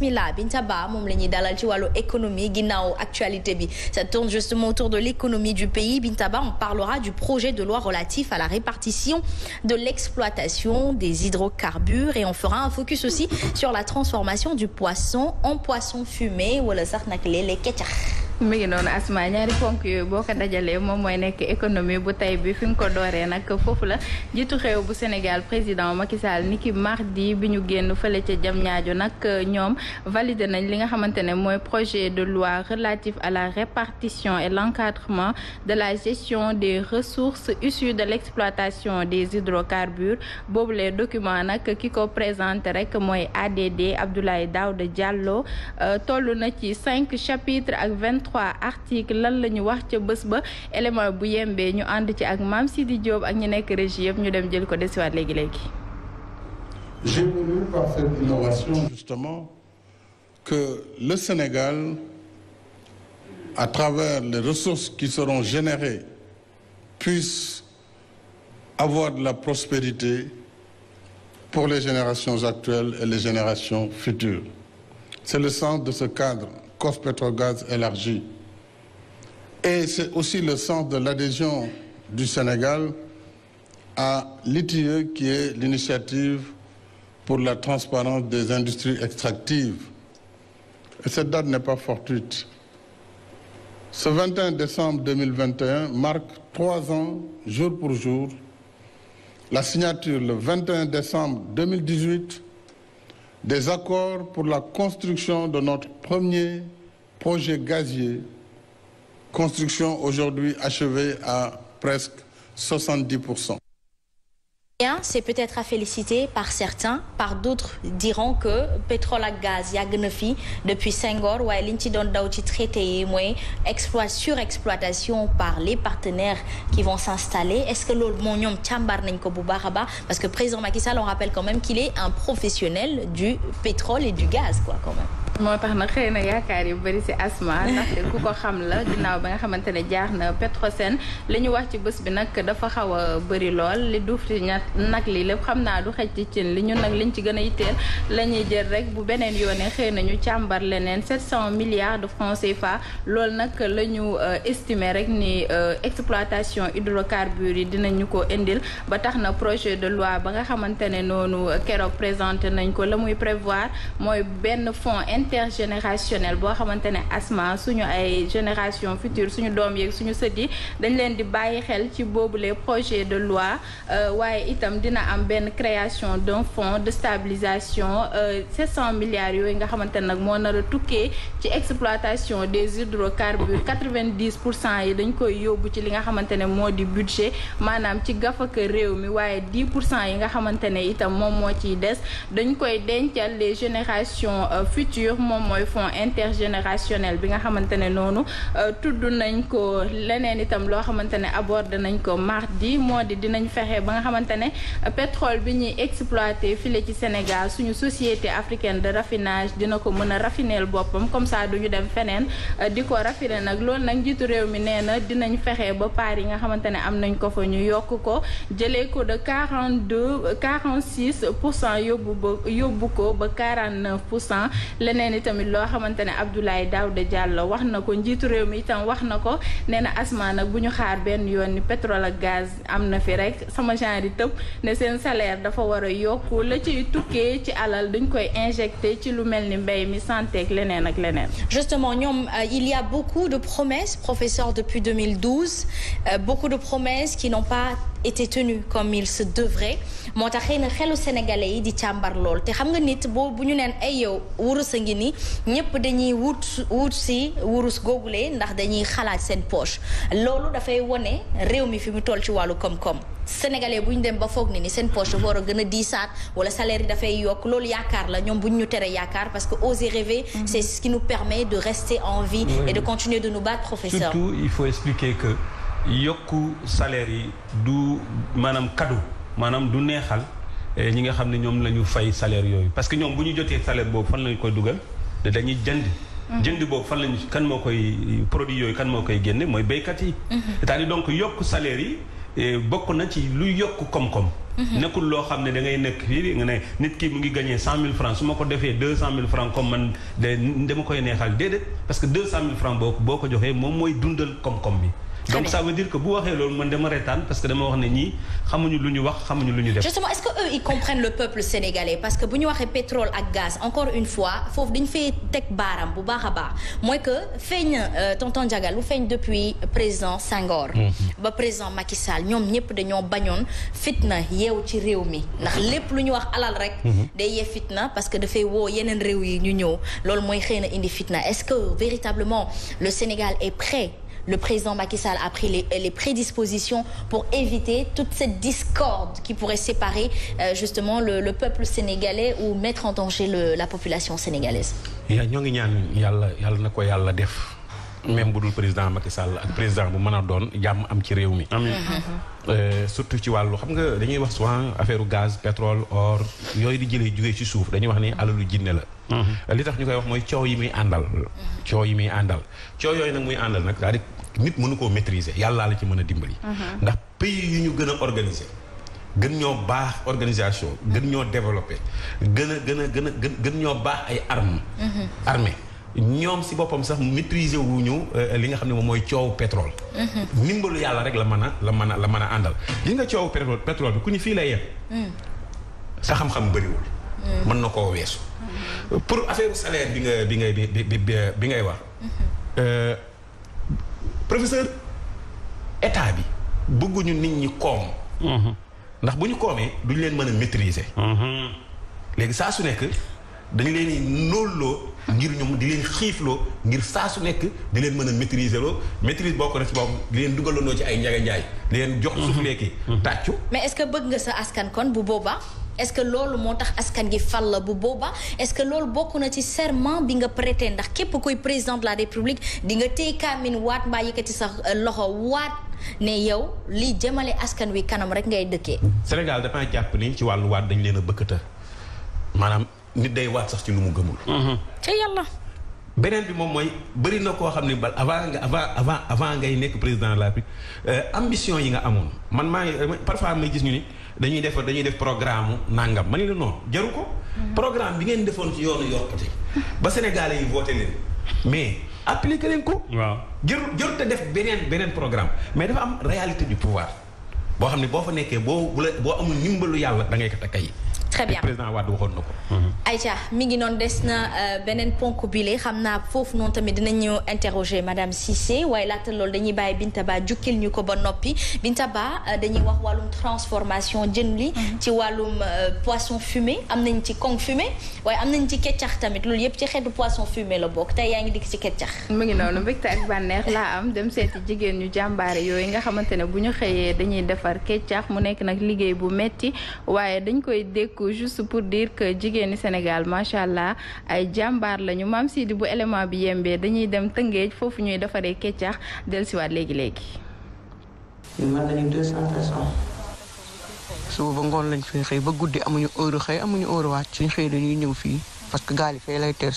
bismillah Binta Ba moom la ñuy dalal ci wàllu économie ginnaaw bi ça tourne justement autour de l'économie du pays Binta Ba on parlera du projet de loi relatif à la répartition de l'exploitation des hydrocarbures et on fera un focus aussi sur la transformation du poisson en poisson fumé wala sax nag léeg-léeg kecax mi ngi noonu asma ñaari ponk yooyu boo ko dajalee moom mooy nekk économie bu tey bi fi mu ko dooree nag foofu la jiitu réew bu Sénégal président Macky Sall ni ki mardi bi ñu génn fële ca jam ñaajo nag ñoom validé nañ li nga xamante ne mooy projet de loi relatif à la répartition et l'encadrement de la gestion des ressources issues de l'exploitation des hydrocarbures boobu les document nag ki ko présenté rek mooy ADD Abdoulaye Daouda Diallo euh, toll na ak vingt 23 article lan la ñu wax ca bés ba élément bu yembee ñu ànd ci ak Mame Sidi Diop ak ñi nekk régie ñu dem jël ko desiwaat léegi léegi. J'ai justement que le Sénégal à travers les ressources qui seront générées puisse avoir de la prospérité pour les générations actuelles et les générations futures. C'est le sens de ce cadre COS-Pétrogaz élargie. Et aussi le sens de l'adhésion du Sénégal à l'ITIE qui est l'initiative pour la transparence des industries extractives. Et cette date n'est pas fortuite. Ce 21 décembre 2021 marque trois ans, jour pour jour, la signature le 21 décembre 2018 des accords pour la construction de notre premier projet gazier, construction aujourd'hui achevée à presque 70%. c'est peut-être à féliciter par certains par d'autres diront que pétrole ak gaz yàgg na fi depuis Senghor waaye li ñu ci doon daw ci traité yi mooy exploit surexploitation par les partenaires qui vont s'installer est-ce que loolu moo ñoom càmbar nañ ko bu baax a baax parce que président Macky Sall on rappelle quand même qu'il est un professionnel du pétrole et du gaz quoi quand même moo tax na xëy na yaakaar yu bëri si asma ndaxte ku xam la ginnaaw ba nga xamante ne jaar na Petrosen li ñu wax ci bés bi nag dafa xaw bëri lool li duuf nag lii lépp xam naa du xej ci cin li ñun nag liñ ci gën a yitteel la ñuy jël rek bu beneen yoonee xëy nañu càmbar leneen 700 milliards de francs CFA loolu nag la ñu euh, estimer rek ni euh, exploitation hydrocarbures yi dinañu ko indil ba tax na projet de loi ba nga xamante ne noonu euh, keroog présenté nañ ko la muy prévoir mooy benn fonds intergénérationnel boo xamante ne asma suñu ay génération future suñu doom yeeg suñu sët yi dañ leen di bàyyi xel ci boobule projet de loi itam dina am benn création d'un fonds de stabilisation 700 euh, milliards yooyu nga xamante nag moo nar a tukkee ci exploitation des hydrocarbures 90 pour cent yi dañ koy yóbbu ci li nga xamante ne moo di budget maanaam ci gafaka réew mi waaye 10 pour cent yi nga xamante ne itam moom moo ciy des dañ koy dencal les générations euh, futures moom mooy fonds intergénérationnel bi nga xamante ne noonu euh, tudd nañ ko leneen itam loo xamante ne abordé nañ ko mardi moo di dinañ fexe ba nga xamante ne pétrole bi ñuy exploité file ci Sénégal suñu société africaine de raffinage dina ko mën a raffineel boppam comme ça duñu dem feneen euh, di ko raffiné nag lool nag njiitu réew mi nee na dinañ fexe ba paar yi nga xamante ne am nañ ko fa ñu yokk ko jëlee ko de 42 46 pour cent yóbbu ba yóbbu ko ba 49 pour cent leneen itamit loo xamante ne Abdoulaye Daouda Diallo wax na ko njiitu réew mi itam wax na ko nee na asma nag bu ñu xaar benn yoon ni pétrole ak gaz am na fi rek sama genre yi gëm ne seen salaire dafa war a yokku la ciy tukkee ci alal duñ koy injecté ci lu mel ni mbéy mi santé ak leneen ak leneen. justement ñoom euh, il y a beaucoup de promesses professeur depuis 2012 euh, beaucoup de promesses qui n'ont pas été tenu comme il se devrait moo tax xëy na xelu sénégalais yi di càmbar lool te xam nga nit boobu ñu neen ay yow wurus a ngi ni ñëpp dañuy wut wut si wurus googule ndax dañuy xalaat seen poche loolu dafay wone réew mi fi mu toll ci wàllu koom-koom sénégalais bu ñu dem ba foog ni ni seen poche dafa war a gën a diisaat wala salaire dafay yokk loolu yaakaar la ñoom bu ñu ñu tere yaakaar parce que oser rêver mm-hmm. c'est ce qui nous permet de rester en vie et de continuer de yokk salaire yi du maanaam cadeau maanaam du neexal eh, ñi nga xam ne ñoom la ñu fay salaire yooyu parce que ñoom bu ñu jotee salaire boobu fan lañu koy dugal da dañuy jënd mm-hmm. jënd boobu fan lañu kan moo koy produit yooyu kan moo koy génne mooy béykat yi mm-hmm. cest donc yokk salaire yi eh, bokk na ci lu yokk koom-koom mm-hmm. nekkul loo xam ne da ngay nekk fii nga ne nit kii mu ngi gagné cent mille francs su ma ko defee deux cent mille francs comme man de dama koy neexal déedéet parce que deux cent mille francs boo boo ko joxee moom mooy dundal koom-koom donc ça veut dire que bu waxee loolu man dama reetaan parce que dama wax ne ñii xamuñu lu ñu wax xamuñu lu ñu def. justement est-ce que eux ils comprennent le peuple sénégalais parce que bu ñu waxee pétrole ak gaz encore une fois foofu dañu fay teg baaram bu baax a baax mooy que feeñ euh, tonton Diaga lu feeñ depuis président Senghor. Mm-hmm. ba président Macky Sall ñoom ñëpp dañoo bañoon fitna yeew ci réew mi ndax lépp lu ñu wax alal rek. Mm-hmm. day yee fitna parce que dafay woo yeneen réew yi ñu ñëw loolu mooy xëy na indi fitna est-ce que véritablement le Sénégal est le président Macky Sall a pris les, les prédispositions pour éviter toute cette discorde qui pourrait séparer euh, le, le peuple sénégalais ou mettre en danger le, la population sénégalaise. yaa ñoo ngi ñaan yàlla yàlla na ko yàlla def même bu dul président Macky Sall ak président bu mën a doon jàmm am ci réew mi. amiin euh, surtout ci wàllu xam nga dañuy wax souvent affaire gaz pétrole or yooyu di jëlee jugee ci suuf dañuy wax ni alalu jinne la. Mm-hmm. li tax ñu koy wax mooy coow yi muy àndal. Mm-hmm. coow yi muy àndal coow yooyu nag muy àndal nag cest nit mënu koo maîtriser yàllaa la ci mën a dimbali. Mm-hmm. ndax pays yu ñu gën a organiser. gën ñoo baax organisation gën ñoo développé gën a gën a gën a gën ñoo baax ay armes. ñoom si boppam sax maîtriser ñu euh, li nga xam ne moom mooy coow pétrole. ndimbalu yàlla rek la mën a la mën a la mën a àndal. li nga coow pétrole pétrole bi ku ñu fii lay yem. Mm. sa xam-xam bëriwul. mën na koo weesu. pour affaire salaire bi nga bi ngay bi bi ngay wax. Euh, professeur état bi bëgguñu nit ñi koom. Mhm. ndax bu ñu koomee duñ leen mën a maîtriser. Mhm. léegi saa su nekk. dañu leen di nóolloo ngir ñoom di leen xiifloo ngir saa su nekk di leen mën a maîtriser loo maîtrise boo ko def boobu di leen dugalandoo ci ay njaga njaay di leen jox suuf mhm. léegi mhm. tàccu mais est-ce que bëgg nga sa askan kon bu boobaa est-ce que loolu moo tax askan gi fal la bu booba est-ce que loolu bokk na ci serment bi nga prêter ndax képp kuy président de la république di nga téye kaamin waat mbaa yëkkati sax euh, loxo waat ne yow lii jëmale askan wi kanam rek ngay dëkkee. Sénégal dafa jàpp ni ci wàllu waat dañ leen a bëkkata maanaam nit day waat sax ci lu mu gëmul. Mm-hmm. ca yàlla. beneen bi moom mooy bëri na koo xam ne bal avant nga avant avant avant ngay nekk président la République euh, ambition yi nga amoon man maa ngi euh, parfois may gis ñu ni dañuy def dañuy def programme nangam man la non jaru ko. Mm-hmm. programme bi ngeen defoon ci yoonu yokkute. ba Sénégalais yi voté leen mais appliqué leen ko. waaw jëru jëru te def beneen beneen programme mais dafa am réalité du pouvoir. boo xam ne boo fa nekkee boo boo amul ndimbalu yàlla da ngay ko takk yi très bien président Wade waxoon na ko. Mm-hmm. Aïcha mi ngi euh, xam naa foofu noonu tamit dinañu interroger madame Cissé waaye laata loolu dañuy bàyyi Binta Ba ñu ko ba noppi Binta Ba euh, dañuy wax wàllum transformation jën li mm-hmm. ci wàllum euh, poisson fumé am nañ ci kong fumé waaye am nañ ci keccax tamit loolu yëpp ci xeetu poisson fumé la bokk tey yaa ngi dikk ci keccax. mu ngi noonu mbégte ak bànneex laa am dem seeti jigéen ñu jàmbaare yooyu nga xamante ne bu ñu xëyee dañuy defar defar keccaax mu nekk nag liggéey bu metti waaye dañ koy dékku juste pour dire que jigéeni Sénégal macha allah ay jàmbaar lañu maam Sidi bu élément bi yembee dañuy dem Tëngéej foofu ñuy defaree keccaax dellusiwaat léegi léegi. man suba ngoon lañ fay xëy ba guddi amuñu heure xëy suñ xëy dañuy ñëw fii parce que gaal yi fee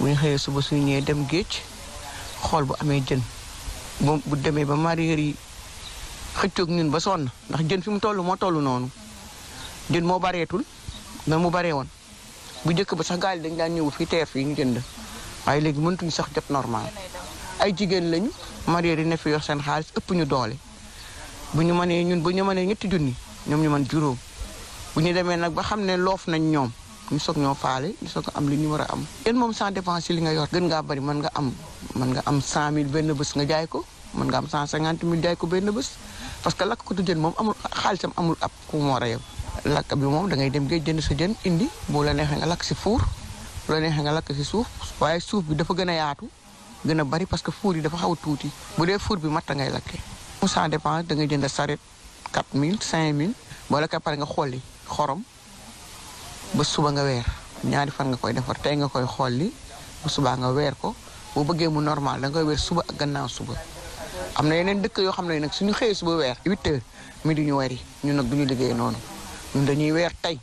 xëyee suba suñu ñëwee dem géej xool bu amee jën bu demee ba mareyeur yi xëccoog ñun ba sonn ndax jën fi mu toll moo tollu noonu jën moo bareetul na mu baree woon bu njëkk ba sax gaal dañ daan ñëw fii teer fii ñu jënd waaye léegi mëntuñu sax jot normal ay jigéen lañu marié yi ne fi yor seen xaalis ëpp ñu doole bu ñu manee ñun bu ñu manee ñetti junni ñoom ñu mën juróom bu ñu demee nag ba xam ne loof nañ ñoom ñu soog ñoo faale ñu soog am li ñu war a am. yéen moom sans dépense li nga yor gën ngaa bari mën nga am mën nga am 100000 benn bés nga jaay ko mën nga am 150000 jaay ko benn bés. parce que lakk ko du jën moom amul xaalisam amul ab ku moo reyam bi moom da ngay dem géej jënd sa jën indi boo la neexee nga lakk si fuur bu la neexee nga lakk si suuf waaye suuf bi dafa gën a yaatu gën a bari parce que fuur yi dafa xaw a tuuti bu dee fuur bi matt ngay lakkee mu sans dépense da ngay jënd saret cinq mille boo lakkee pare nga xolli xorom ba suba nga weer ñaari fan nga koy defar tey nga koy xolli ba subaa nga weer ko boo bëggee mu normal da nga koy suba ak gannaaw suba am na yeneen dëkk yoo xam ne nag suñu xëyee suba weer huit heures mi du ñu wari ñun nag du ñu liggéey noonu ñun dañuy weer tey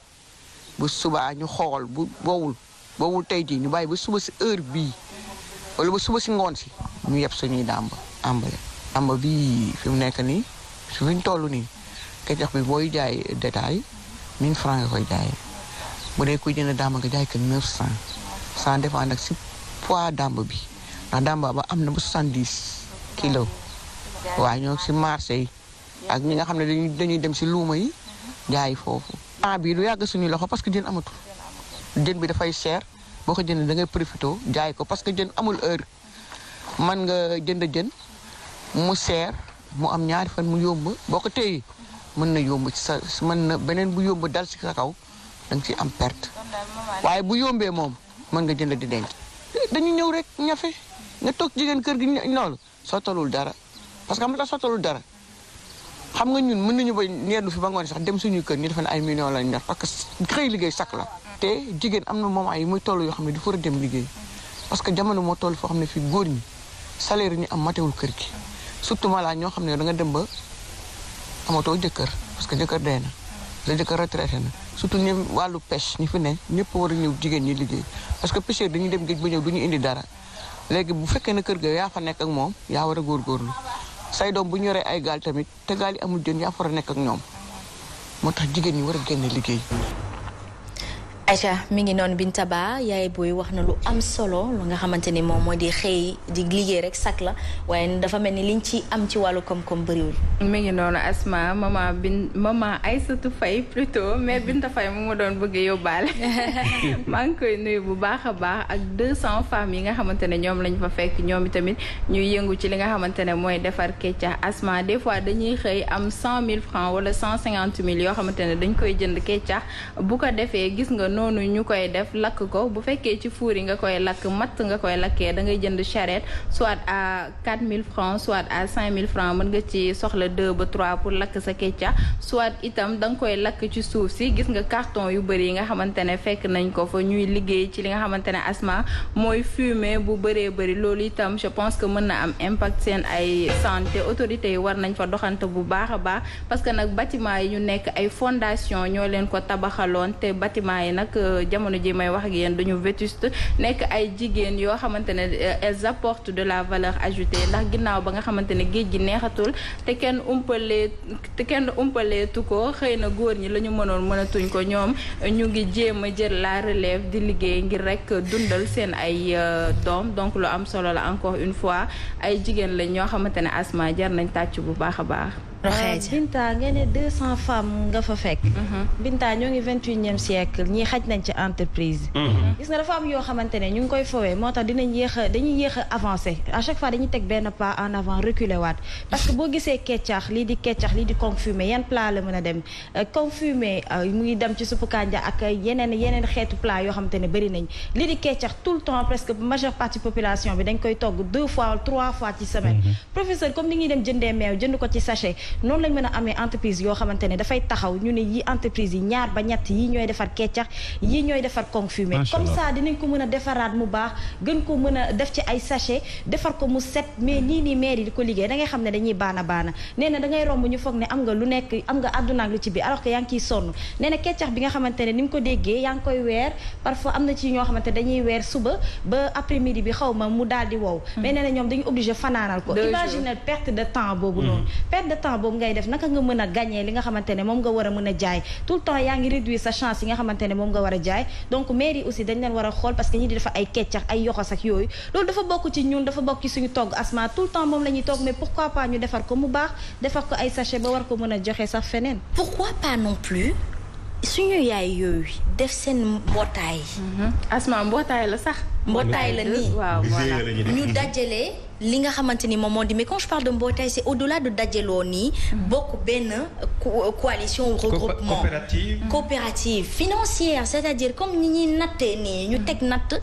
bu suba ñu xool bu boowul boowul tey jii ñu bàyyi ba suba si heure bii wala ba suba si ngoon si ñu yeb suñuy dàmb àmbale àmb bii fi mu nekk nii su fi toll nii kecax bi booy jaay détail mille franc nga koy jaayee bu dee kuy jënd dàmb nga jaay ko neuf cent sans dépendre nag si poids dàmb bi ndax dàmb ba am na ba soixante-dix kilos waaw ñoo ngi si marché yi ak ñi nga xam ne dañuy dañuy dem si luuma yi jaay foofu. temps bii du yàgg suñuy loxo parce que jën amatul jën bi dafay cher boo ko jën da ngay profité jaay ko parce que jën amul heure man nga jënd jën mu cher mu am ñaari fan mu yomb boo ko téye mën na yomb ci sa mën na beneen bu yomb dal si sa kaw da nga ciy am perte waaye bu yombee moom mën nga jënd di denc. dañu ñëw rek ñafe nga toog jigéen kër gi loolu soo talul dara. parce que xam nga tax sottalul dara xam nga ñun mën nañu ba ñeendu fi ba ngoon sax dem suñu kër ñu defe ne ay millions lañ def parce que liggéey sakk la te jigéen am na moment yi muy toll yoo xam ne du far a dem liggéey parce que jamono moo toll foo ne fii góor ñi salaire ñu am matewul kër gi surtout ma ñoo xam ne da nga dem ba amatoo jëkkër parce que jëkkër dee na la jëkkër retraité na surtout ñi wàllu pêche ñi fi ne ñëpp war a ñëw jigéen ñi liggéey parce que pêcheur dañuy dem géej ba ñëw du ñu indi dara léegi bu fekkee ne kër ga yaa fa nekk ak moom yaa war a góor góor góorgóorlu say doom bu ñu yoree ay gaal tamit te gaal yi amul jën yaa fara nekk ak ñoom moo tax jigéen ñi war a génn liggéey Aïcha mi ngi noonu Binta Ba yaay booy wax na lu am solo lu nga xamante ni moom moo di xëy di liggéey rek sakk la waaye dafa mel ni liñ ci am ci wàllu koom-koom bëriwul. mi ngi noonu Asma maman bin maman Aïssatou Faye plutôt mais Binta Faye mu ma doon bëgg yóbbaale maa ngi koy nuyu bu baax a baax ak 200 femmes yi nga xamante ne ñoom lañ fa fekk ñoom itamit ñuy yëngu ci li nga xamante ne mooy defar keccax Asma des fois dañuy xëy am cent mille francs wala cinquante 000 yoo xamante ne dañ koy jënd keccax bu ko defee gis nga. noonu ñu koy def lakk ko bu fekkee ci four yi nga koy lakk matt nga koy lakkee da ngay jënd charrette soit à mille francs soit à 5000 francs mën nga ci soxla 2 ba 3 pour lakk sa kecca soit itam danga koy lakk ci suuf si gis nga carton yu bëri yi nga xamante ne fekk nañ ko fa ñuy liggéey ci li nga xamante ne asma mooy fumée bu bëree bëri loolu itam je pense que mën na am impact seen ay santé autorité yi war nañ fa doxante bu baax a baax parce que nag bâtiment yi ñu nekk ay fondation ñoo leen ko tabaxaloon nag jamono ji may wax ak yéen dañu vétuste nekk ay jigéen yoo xamante ne euh, elles de la valeur ajoutée ndax ginnaaw ba nga xamante ne géej gi neexatul te kenn kenn umpaleetu ko xëy na góor ñi la ñu mënoon mënatuñ ko ñoom ñu ngi jéem a jël la relève di liggéey ngir rek dundal seen ay euh, doom donc lu am solo la encore une fois ay jigéen lañ ñoo xamante ne asma jar nañ tàcc bu baax a baax Euh, Binta ngeen ne deux cent femmes nga fa fekk mhm. Binta ñoo ngi vingt unième siècle ñii xaj nañ ci entreprise mhm. gis nga dafa am yoo xamante ne ñu ngi koy foowee moo tax dinañ yéex a dañuy yéex a avancé à chaque fois dañuy teg benn pas en avant reculer waat parce que boo gisee keccax lii di keccax lii di confumé yan plat la mën a dem euh, confumé euh, mu ngi dem ci suppu kanja ak yeneen yeneen xeetu plat yoo xamante ne bari nañ lii di keccax tout le temps presque majeure partie population bi dañ koy togg deux fois trois fois ci semaine mhm. professeur comme ni ñuy dem jëndee meew jënd ko ci sachet noonu lañ mën a amee entreprise yoo xamante ne dafay taxaw ñu ne yi entreprise yi ñaar ba ñett yi ñooy defar keccax yi ñooy defar confumé comme ça dinañ ko mën a defaraat mu baax gën ko mën a def ci ay sachet defar ko mu set mais hmm. nii nii maire yi di ko liggéey dangay xam ne dañuy baana baana nee na da romb ñu foog ne am nga lu nekk am nga àdduna lu ci biir alors que yaa ngi ciy sonn nee na keccax bi nga xamante ne ni nga ko déggee yaa ngi koy weer parfois am na ci ñoo xamante dañuy weer suba ba après bi xaw ma mu daal di wow hmm. mais nee na ñoom dañu obligé fanaanal ko imagine perte de temps boobu hmm. noonu boobu ngay def naka nga mën a gagner li nga xamante ne moom nga war a mën a jaay tout le temps yaa ngi réduire sa chance yi nga xamante ne moom nga war a jaay donc mairie aussi dañ leen war a xool parce que ñi di dafa ay keccax ay yoxos ak yooyu loolu dafa bokk ci ñun dafa bokk suñu togg asma tout temps moom la togg mais pourquoi pas ñu defar ko mu baax defar ko ay sachet ba war ko mën a joxe sax feneen pourquoi pas non plus suñu yaay yooyu def seen mbootaay. Mm-hmm. asma mbootaay la sax. mbootaay la nii waaw ñu dajale li nga xamante ni moom moo di mais quand je parle de mbootaay c'est au-delà de dajaloo nii. Mm-hmm. bokk benn coalition regroupement coopérative. Mm-hmm. coopérative financière c'est-à-dire comme ni ñuy nattee nii ñu teg natt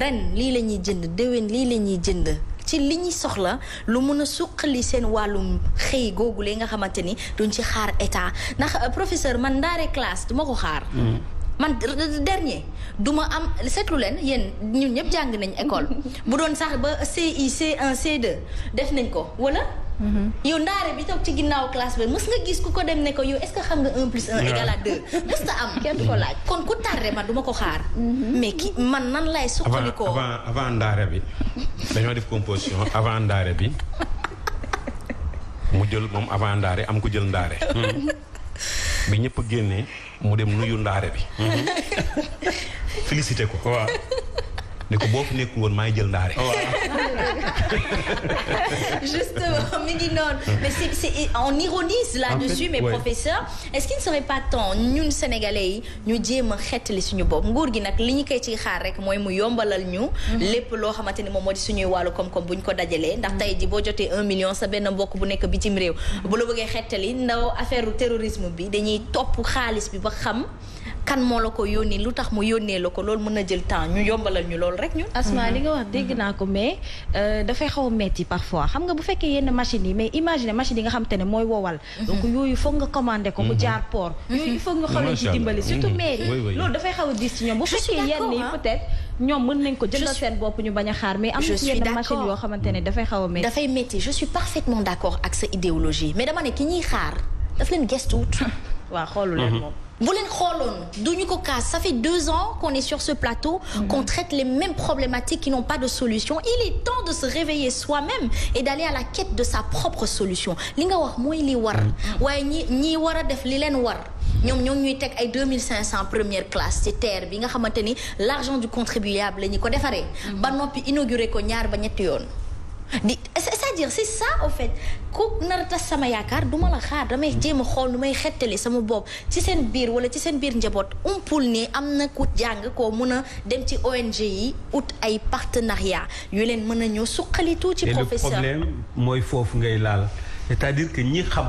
ren lii la ñuy jënd déwén lii la ñuy jënd. ci li ñuy soxla lu mun a suqali seen wàllum xëy googu li nga xamante ni duñ ci xaar état ndax euh, professeur man ndaare classe duma ko xaar mm. man dernier du ma am seetlu leen yenn ñun ñëpp jàng nañ école bu doon sax ba CI C1 C2 def nañ ko wala. Mhm. yow ndaare bi toog ci ginnaaw classe ba mës nga gis ku ko dem ne ko yow est-ce que xam nga un plus un égale à deux am kenn ko laaj kon ku tarre man du ko xaar mhm. mais ki man nan lay suqalikoo avant avant ndaare bi dañoo def composition avant ndaare bi mu jël moom avant ndaare am ku jël ndaare bi ñëpp génnee mu dem nuyu ndaare bi mm-hmm. félicité ko waaw ne ko boo fi nekkul woon maay jël ndaare. Oh, justement mi ngi noonu mais c'est c'est on ironise là-dessus mais professeur est-ce qu'il ne serait pas temps ñun sénégalais yi ñu jéem a xettali suñu bopp nguur gi nag li ñu koy ci xaar rek mooy mu yombalal ñu mhm. lépp loo xamante ni moom moo di suñuy wàllu koom-koom bu ñu ko dajalee ndax mhm. tey ji boo jotee un million sa benn mbokk bu nekk bitim réew bu la bëggee xettali ndaw affaire terrorisme bi dañuy topp xaalis bi ba xam kan moo la ko yónnee lu tax mu yónnee la ko loolu mën na jël temps ñu yombalal ñu loolu rek ñun. asma mhm. li nga wax dégg mhm. naa ko mais euh, dafay xaw a metti parfois xam nga bu fekkee yenn machines yi mais imagine machine yi nga ne mooy wowal. Mhm. donc yooyu foog nga ko. bu jaar port. yooyu foog nga xoolee ci loolu dafay xaw a diis ci ñoom bu fekkee yenn yi peut-être. ñoom mën nañ ko jëndal seen bopp ñu bañ a xaar mais am na yenn machine yoo xamante ne dafay xaw a métti dafay métti je suis parfaitement d'accord ak sa idéologie mais dama ne ki ñuy xaar daf leen gestuwut waaw xoolu leen moom bu leen xooloon du ñu ko kaas ça fait deux ans qu'on est sur ce plateau mm-hmm. qu'on traite les mêmes problématiques qui n'ont pas de solution il est temps de se réveiller soi-même et d'aller à la quête de sa propre solution li nga war mooy li war mm-hmm. waaye ñi ñi war a def li leen war ñoom ñoo ñuy teg ay deux mille cinq cent première classe ci terre bi nga xamante ni l'argent du contribuable la ñu ko defaree mm-hmm. ba noppi inauguré ko ñaar ba ñetti yoon di c'est-à-dire c'est ça au ku nar tas sama yaakaar du ma la xaar damay jéem a xool nu may xettali sama bopp ci seen biir wala ci seen biir njaboot umpul ne am na ku jàng koo mën a dem ci ONG yi ut ay partenariat yu leen mën a ñëw suqali tuuti ci professeur leen mooy foofu ngay laal c'est-à-dire que ñi xam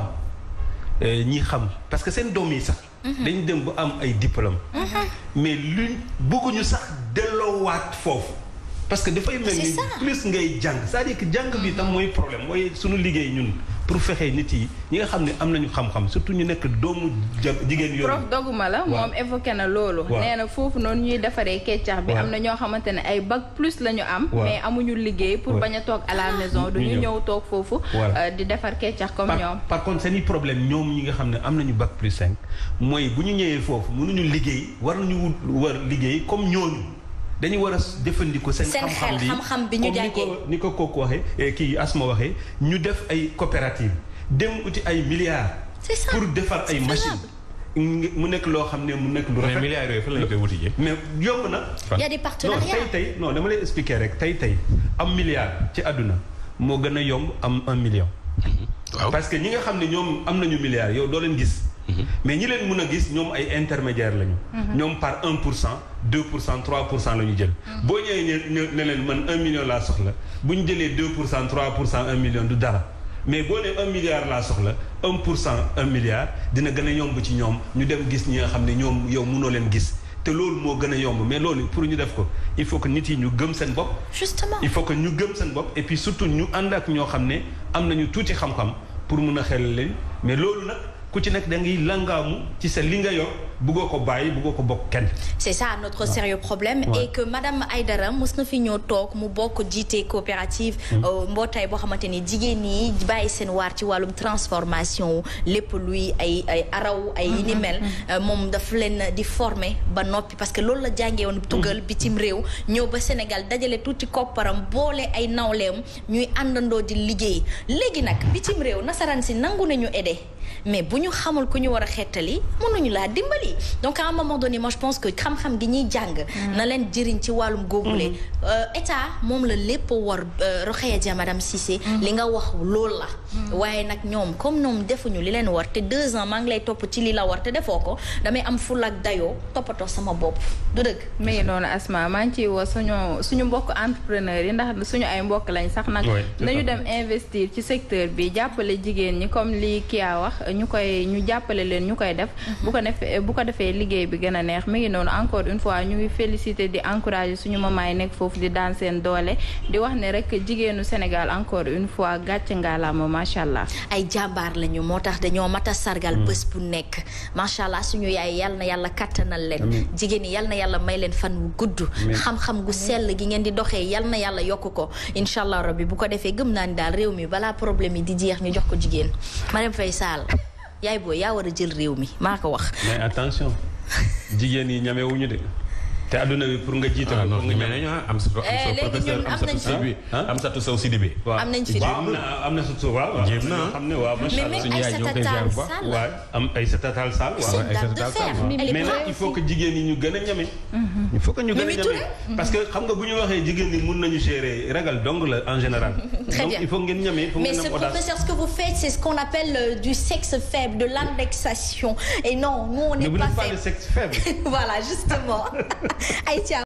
euh, ñi xam parce que seen doom yi sax mhm. dañ dem ba am ay diplôme mhm. mais luñ bëgguñu sax delloowaat foofu parce que dafay mel ni plus ngay jàng c'est-à-dire jàng bi tam mooy problème mooy suñu liggéey ñun pour fexe nit yi ñi nga xam ne am nañu xam surtout ñu nekk doomu jigéen yoon prof doguma la moom évoqué na loolu na foofu noonu ñuy defaree keccax bi am na ñoo xamante ne ay bac plus la ñu am mais amuñu liggéey pour bañ a toog à la ah. ñëw toog foofu euh, di defar keccax comme ñoom par contre seeni problème ñoom ñi nga xam ne am nañu bac plus cinq mooy bu ñu ñëwee foofu mënuñu liggéey war nañu wut war liggéey comme ñooñu dañu war a jëfandikoo seen xam-xam bi xam-xam bi ñu jàngee ni ko ni ko kooku waxee eh, kii Asma waxee ñu def ay coopérative dem uti ay milliards. c'est pour defar ay machines. mu nekk loo xam ne mu nekk lu rafet mais milliards yooyu fan lañ wuti ji mais yomb na. a des partenariats non tey tey non dama lay expliquer rek tey tey am milliard ci àdduna moo gën a yomb am un million. waaw parce que ñi nga xam ne ñoom am nañu milliards yow doo leen gis. Mm-hmm. mais ñi leen mun a gis ñoom ay intermédiaire lañu. Mm-hmm. ñoom par 1 pour cent 2 pour cent 3 pour cent la ñu jël. Mm-hmm. boo ñëwee ñu ne leen man 1 million laa soxla bu ñu jëlee 2 pour cent 3 pour cent 1 million du dara mais boo nee 1 milliard laa soxla 1 pour cent 1 milliard dina gën a yomb ci ñoom ñu dem gis ñi nga xam ne ñoom yow munoo leen gis. te loolu moo gën a yomb mais loolu pour ñu def ko il faut que nit yi ñu gëm seen bopp. justement il faut que ñu gëm seen bopp et puis surtout ñu ànd ak ñoo xam ne am nañu tuuti xam pour mun a xel leen mais loolu nag. ku ci nekk da ngay langaamu ci sa li nga yor ko bàyyi bëggoo ko bokk kenn. c'est ça notre sérieux problème. Ouais. et que madame dara mos na fi ñoo toog mu bokk jiite coopérative. Hmm. Euh, mbootaay boo xamante ni jigéen ñi bàyyi seen waar ci wàllum transformation lépp luy ay ay araw ay hmm, ni hmm, mel. Euh, moom daf leen di former ba noppi parce que loolu la jàngee woon. tugal bitim réew ñëw ba Sénégal dajale tuuti kopparam boole ay nawleem ñuy àndandoo di liggéey léegi nag bitim réew si nangu nañu aidé. mais bu ñu xamul ku ñu war a xettali mënuñu laa dimbali donc à un moment donné moi je pense que xam-xam gi ñuy jàng. Mm. na leen jëriñ ci wàllum góobule. Mm-hmm. Euh, état moom la lépp war euh, Rokhaya Dia madame Cissé. Mm-hmm. li nga wax loolu la. Mm-hmm. waaye nag ñoom comme ñoom defuñu li leen war te deux ans maa ngi lay topp ci lii la war te defoo ko damay am ful ak dayoo toppatoo sama bopp du dëgg. mais noonu Asma maa ngi ciy woo suñu suñu mbokk entrepreneur yi ndax suñu ay mbokk lañ sax nag. nañu dem bi jàppale jigéen ñi comme li ñu koy ñu jàppale leen ñu koy def bu ko defee bu ko defee liggéey bi gën a neex mi ngi noonu encore une fois ñu ngi féliciter di encourager suñu maman yi nekk foofu di daan seen doole di wax ne rek jigéenu Sénégal encore une fois gàcce ngaalaama macha allah. ay jàmbaar lañu moo tax dañoo mat a sargal mm. bés bu nekk macha allah suñu yaay yal na yàlla kàttanal leen jigéen yi yal na yàlla may leen fan wu gudd xam-xam gu sell gi ngeen di doxee yal na yàlla yokk ko incha allah rabbi bu ko defee gëm naa ni daal réew mi balaa problème yi di jeex ñu jox ko jigéen yaay booy yaa war a jël réew mi maa ko wax. mais attention jigéen yi ñamewuñu de. te adduna bi pour nga jiite ah, ko pour nga ñëw nañu ah, am sa professeur am sa tuuti eh, bi am sa tuuti aussi bi. am nañ fi waaw am na surtout waaw. jéem na xam ne waaw macha allah suñu yaay ñoo koy jaar bu baax waaw am ay satatal sall waaw ay satatal sall mais nag il faut que jigéen ñi ñu gën a ñeme. Mhm. il faut que ñu gën a ñeme mhm. parce que xam nga bu ñu waxee jigéen ñi mun nañu gérer ragal dong la en général. très bien donc il faut ngeen ñeme il faut ngeen am audace. mais ce professeur ce que vous faites c'est ce qu'on appelle euh, du sexe faible de l'indexation et non nous on n'est pas faible. ne vous dites pas le sexe faible. voilà justement. ay ca